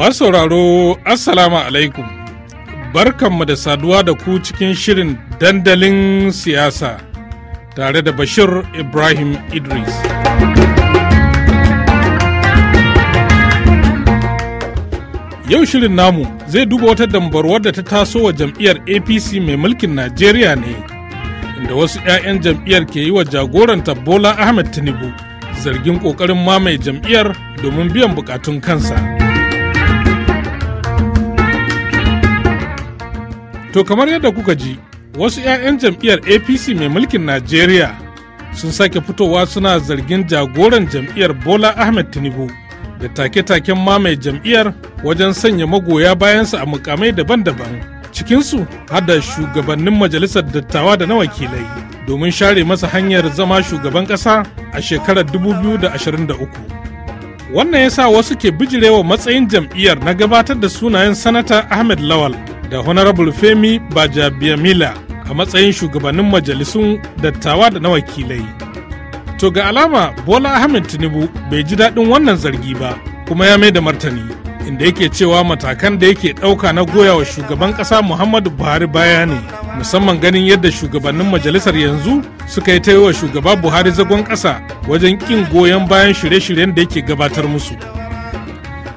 Masu sauraro Assalamu alaikum barkanmu da saduwa da ku cikin shirin dandalin siyasa tare da Bashir Ibrahim Idris. Yau shirin namu zai duba wata dambarwar da ta taso wa jam'iyyar APC mai mulkin Najeriya ne, inda wasu 'ya'yan jam'iyyar ke yi wa jagoranta Bola Ahmed Tinubu zargin ƙoƙarin mamaye jam'iyyar domin biyan bukatun kansa. To kamar yadda kuka ji, wasu 'ya'yan jam'iyyar APC mai mulkin Najeriya sun sake fitowa suna zargin jagoran jam'iyyar Bola Ahmed Tinubu da take-taken mamaye jam'iyyar wajen sanya magoya bayansa a mukamai daban-daban cikinsu har da shugabannin majalisar dattawa da na wakilai domin share masa hanyar zama shugaban ƙasa a shekarar 2023. wannan ya sa wasu ke bijirewa matsayin jam'iyyar na gabatar da sunayen sanata ahmed lawal da honorable femi bajabiamila a matsayin shugabannin majalisun dattawa da na wakilai to ga alama bola ahmed tinubu bai ji daɗin wannan zargi ba kuma ya mai da martani inda yake cewa matakan da yake ɗauka na goya wa shugaban ƙasa muhammadu buhari baya ne musamman ganin yadda shugabannin majalisar yanzu suka yi ta yi wa shugaba buhari zagon ƙasa wajen ƙin goyon bayan shirye-shiryen da yake gabatar musu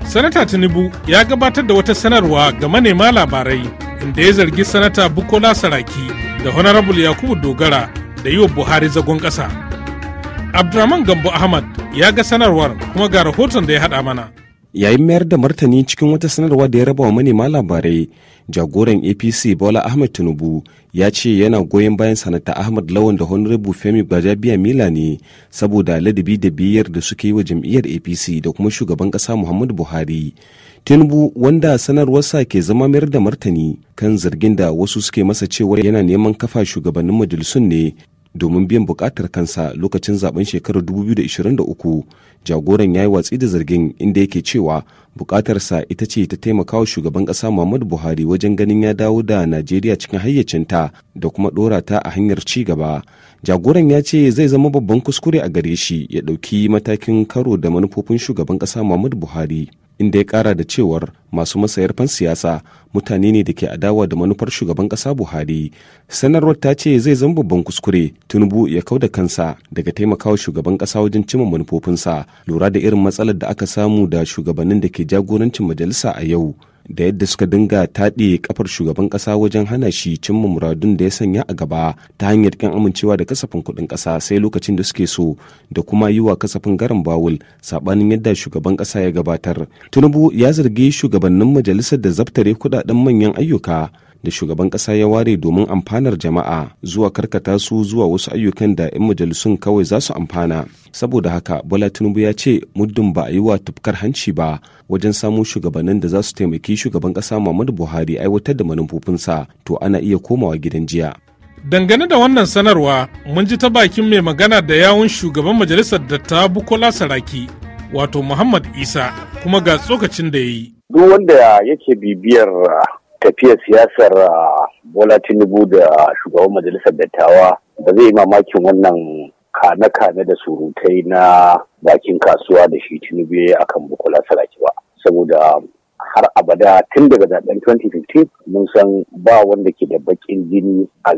Sanata Tinubu ya gabatar da wata sanarwa ga manema labarai inda ya zargi Sanata Bukola Saraki da Honorable Yakubu Dogara da yi wa Buhari zagon ƙasa. Abdurrahman Gambo Ahmad ya ga sanarwar kuma ga rahoton da ya haɗa mana. yayin mayar da martani cikin wata sanarwa da ya raba wa manema labarai jagoran apc bola ahmed tinubu ya ce yana goyon bayan sanata ahmed lawan da honorable femi gbajabiya mila ne saboda ladabi da biyar da suke yi wa jam'iyyar apc da kuma shugaban kasa muhammadu buhari tinubu wanda sanarwarsa ke zama mayar da martani kan zargin da wasu suke masa cewar yana neman kafa shugabannin majalisun ne domin biyan bukatar kansa lokacin zaben shekarar 2023 jagoran ya yi watsi da zargin inda yake cewa bukatarsa ita ce ta taimaka wa shugaban kasa muhammadu buhari wajen ganin ya dawo da najeriya cikin hayyacinta da kuma dora ta a hanyar ci gaba jagoran ya ce zai zama babban kuskure a gare shi ya ɗauki matakin karo da manufofin shugaban kasa muhammadu buhari inda ya kara da cewar masu matsayar fan siyasa mutane ne da ke adawa da manufar shugaban kasa buhari sanarwar ta ce zai zama babban kuskure tunubu ya kau da kansa daga taimakawa shugaban kasa wajen cimma manufofinsa lura da irin matsalar da aka samu da shugabannin da ke jagorancin majalisa a yau da yadda suka dinga taɗe kafar shugaban ƙasa wajen hana shi cimma muradun da ya sanya a gaba ta hanyar ƙin amincewa da kasafin kuɗin ƙasa sai lokacin da suke so da kuma yi wa kasafin garin bawul saɓanin yadda shugaban ƙasa ya gabatar tinubu ya zargi shugabannin majalisar da zabtare kuɗaɗen manyan ayyuka da shugaban kasa ya ware domin amfanar jama'a zuwa karkata su zuwa wasu ayyukan da 'yan majalisun kawai za su amfana saboda haka bola tinubu ya ce muddin ba a yi wa tufkar hanci ba wajen samo shugabannin da za su taimaki shugaban kasa muhammadu buhari aiwatar da manufofinsa to ana iya komawa gidan jiya dangane da wannan sanarwa mun ji ta bakin mai magana da yawun shugaban majalisar datta bukola saraki wato muhammad isa kuma ga tsokacin da ya yi duk wanda yake bibiyar tafiyar siyasar ah, bola tinubu da shugaban majalisar dattawa ba zai yi mamakin wannan kane-kane da surutai na bakin kasuwa da shi tinubu ya yi akan bukola saraki ba saboda har abada tun daga zaben 2015 mun san ba wanda ke da bakin jini a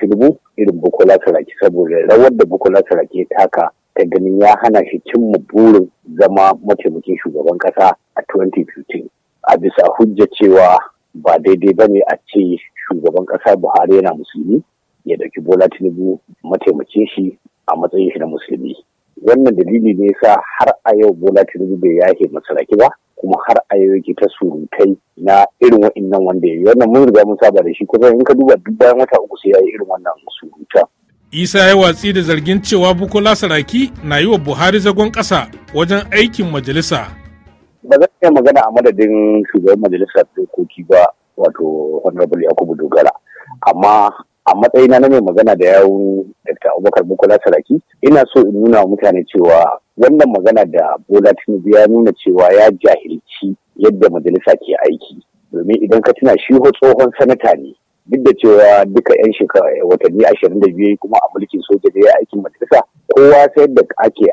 tinubu irin bukola saraki saboda rawar da bukola saraki ya taka ta ganin ya hana shi cimma burin zama mataimakin shugaban kasa a 2015 a bisa hujja cewa ba daidai ba ne a ce shugaban kasa buhari yana musulmi ya ɗauki bola tinubu mataimakin shi a matsayin shi na musulmi wannan dalili ne sa har a yau bola tinubu bai yake masaraki ba kuma har a yau yake ta surutai na irin wa'innan wanda ya yi wannan mun riga mun saba da shi kuma in ka duba duk bayan wata uku sai ya yi irin wannan surutan isa ya watsi da zargin cewa bukola saraki na yi wa buhari zagon ƙasa wajen aikin majalisa ba zan iya magana a madadin shugaban majalisar dokoki ba wato honorable yakubu dogara amma a matsayina na mai magana da yawun dr abubakar bukola saraki ina so in nuna mutane cewa wannan magana da bola tinubu ya nuna cewa ya jahilci yadda majalisa ke aiki domin idan ka tuna shi tsohon sanata ne duk da cewa duka 'yan shekara watanni ashirin da biyu kuma a mulkin soja da ya aikin majalisa kowa sai da ake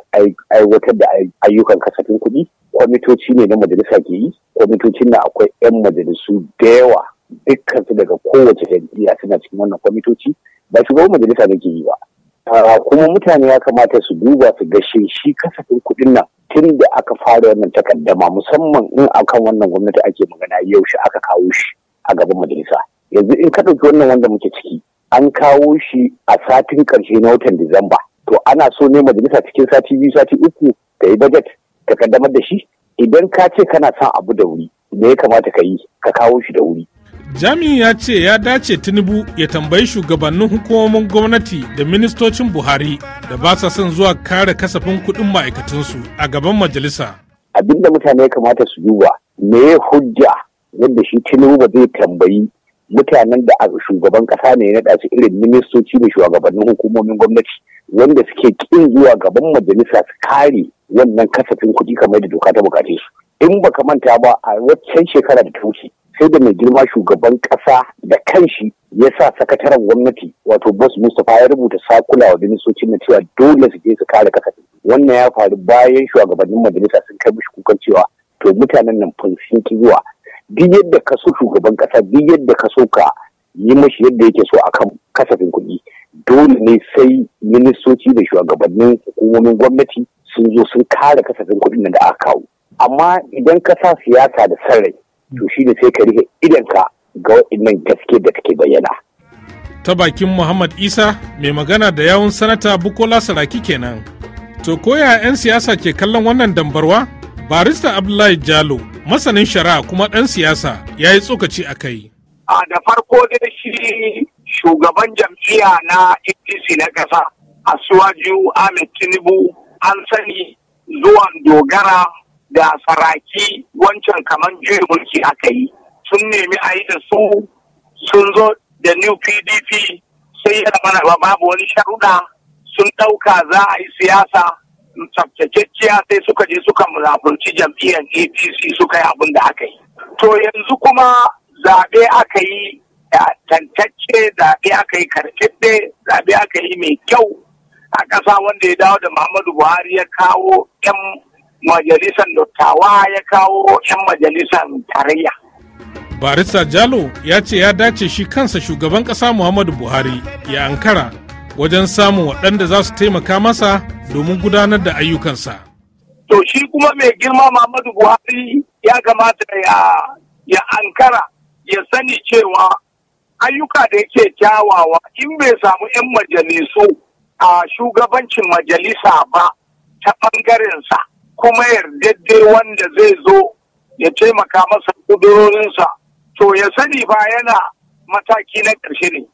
aiwatar da ayyukan kasafin kuɗi kwamitoci ne na majalisa ke yi kwamitocin na akwai 'yan majalisu da yawa dukkan su daga kowace jam'iyya suna cikin wannan kwamitoci ba shugaban majalisa ke yi ba ah, kuma mutane ya kamata su duba su ga shi kasafin kuɗin nan tun da aka fara wannan takaddama musamman in akan wannan gwamnati ake magana yaushe aka kawo shi a gaban majalisa yanzu in ka ɗauki wannan wanda muke ciki an kawo shi a satin ƙarshe na watan disamba to ana so ne majalisa cikin sati biyu sati uku ta yi bajet ta kaddamar da shi idan ka ce kana son abu da wuri me ya kamata ka yi ka kawo shi da wuri Jami ya ce ya dace Tinubu ya tambayi shugabannin hukumomin gwamnati da ministocin Buhari da ba sa son zuwa kare kasafin kuɗin ma'aikatansu a gaban majalisa. Abin da mutane ya kamata su duba me ya hujja yadda shi Tinubu ba zai tambayi mutanen da shugaban ƙasa ne na naɗa irin ministoci da shugabannin hukumomin gwamnati wanda suke ƙin zuwa gaban majalisa su kare wannan kasafin kuɗi kamar da doka ta bukace su in ba ka manta ba a waccan shekara da ta wuce sai da mai girma shugaban ƙasa da kanshi ya sa sakataren gwamnati wato Bas mustapha ya rubuta sakula wa ministocin na cewa dole su je su kare kasafin wannan ya faru bayan shugabannin majalisa sun kai mishi kukan cewa to mutanen nan fun sun ki zuwa duk yadda ka so shugaban ƙasa duk yadda ka so ka yi mashi yadda yake so akan kasafin kuɗi dole ne sai ministoci da shugabannin hukumomin gwamnati sun zo sun kare kasafin kuɗin da aka kawo amma idan ka sa siyasa da sarrai to shi ne sai ka rike idanka ga waɗannan gaske da take bayyana ta bakin muhammad isa mai magana da yawun sanata bukola saraki kenan to koya 'yan siyasa ke kallon wannan dambarwa barista abdullahi jalo masanin shari'a kuma ɗan siyasa ya yi tsokaci a kai a da farko da shi shugaban jam'iyya na apc na ƙasa asuwaju ahmed tinubu an sani zuwan dogara da saraki wancan kamar juyin mulki aka yi sun nemi a yi da su sun zo da new pdp sai ya mana ba babu wani sharuɗa sun ɗauka za a yi siyasa tsaftatacciya sai suka je suka munafurci jam'iyyar apc suka yi abin da aka yi to yanzu kuma zaɓe aka yi tantacce zaɓe aka yi karfe zaɓe aka yi mai kyau a ƙasa wanda ya dawo da Muhammadu Buhari ya kawo 'yan majalisar dattawa ya kawo 'yan majalisar tarayya. Barista Jalo ya ce ya dace shi kansa shugaban ƙasa Muhammadu Buhari ya ankara wajen samun waɗanda za su taimaka masa domin gudanar da ayyukansa. To shi kuma mai girma Muhammadu Buhari ya kamata ya ankara ya sani cewa ayyuka da yake kyawawa in bai samu 'yan majalisu a shugabancin majalisa ba ta ɓangarensa kuma yardadde wanda zai zo ya taimaka masa ƙudurorinsa to ya sani ba yana mataki na ƙarshe ne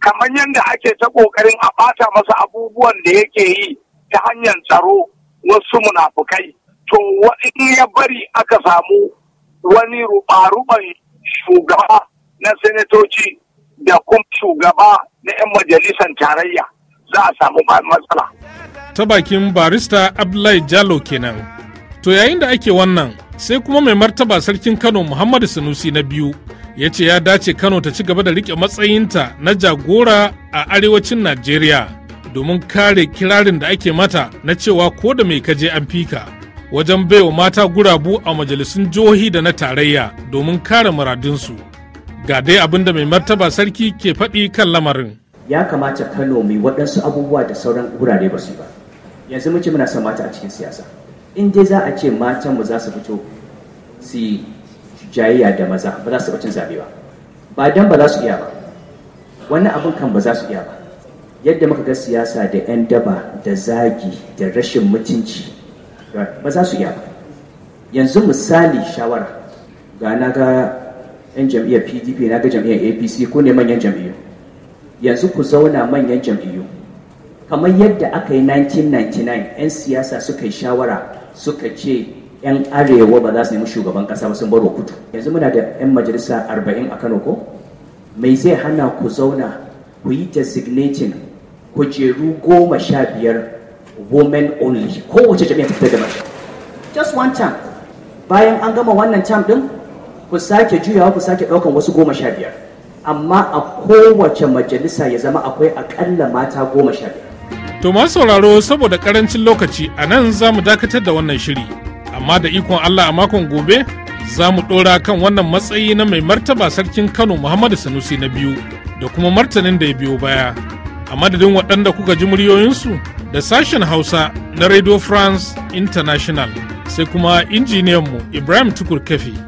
kamar yadda ake ta ƙoƙarin a ɓata masa abubuwan da yake yi ta hanyar tsaro wasu munafukai to in ya bari aka samu wani ruɓa-ruɓan shugaba na sanatoci da kuma shugaba na 'yan majalisar tarayya za a samu matsala. Ta bakin barista Abdullahi Jalo kenan. To yayin da ake wannan sai kuma mai martaba sarkin Kano Muhammadu Sanusi na biyu ya ce ya dace Kano ta ci gaba da riƙe matsayinta na jagora a arewacin Najeriya domin kare kirarin da ake mata na cewa ko da mai kaje an fika wajen baiwa mata gurabu a majalisun jihohi da na tarayya domin kare muradinsu. Ga dai abin da mai martaba sarki ke faɗi kan lamarin. ya kamata kano mai waɗansu abubuwa da sauran wurare ba su ba yanzu muke muna son mata a cikin siyasa in dai za a ce matan mu za su fito su jayayya da maza ba za su bacin zabe ba ba dan ba za su iya ba wani abin kan ba za su iya ba yadda muka ga siyasa da 'yan daba da zagi da rashin mutunci ba za su iya ba yanzu misali shawara ga na ga 'yan jam'iyyar pdp na ga jam'iyyar apc ko ne manyan jam'iyyu yanzu ku zauna manyan jam'iyyu kamar yadda aka yi 1999 'yan siyasa suka yi shawara suka ce 'yan arewa ba za su nemi shugaban kasa ba sun baro kudu yanzu muna da 'yan majalisa 40 a kano ko mai zai hana ku zauna ku yi designating kujeru goma sha biyar women only kowace jami'a ta fitar da mace just one time bayan an gama wannan time din ku sake juyawa ku sake ɗaukan wasu goma sha biyar amma a kowace majalisa ya zama akwai akalla mata goma sha To masu sauraro saboda karancin lokaci a nan za mu dakatar da wannan shiri, amma da ikon Allah a makon gobe za mu ɗora kan wannan matsayi na mai martaba sarkin Kano Muhammadu Sanusi na biyu da kuma martanin da ya biyo baya. A madadin waɗanda kuka ji muryoyinsu da sashen Hausa na Radio France International sai kuma injiniyanmu Ibrahim Tukur Kefi.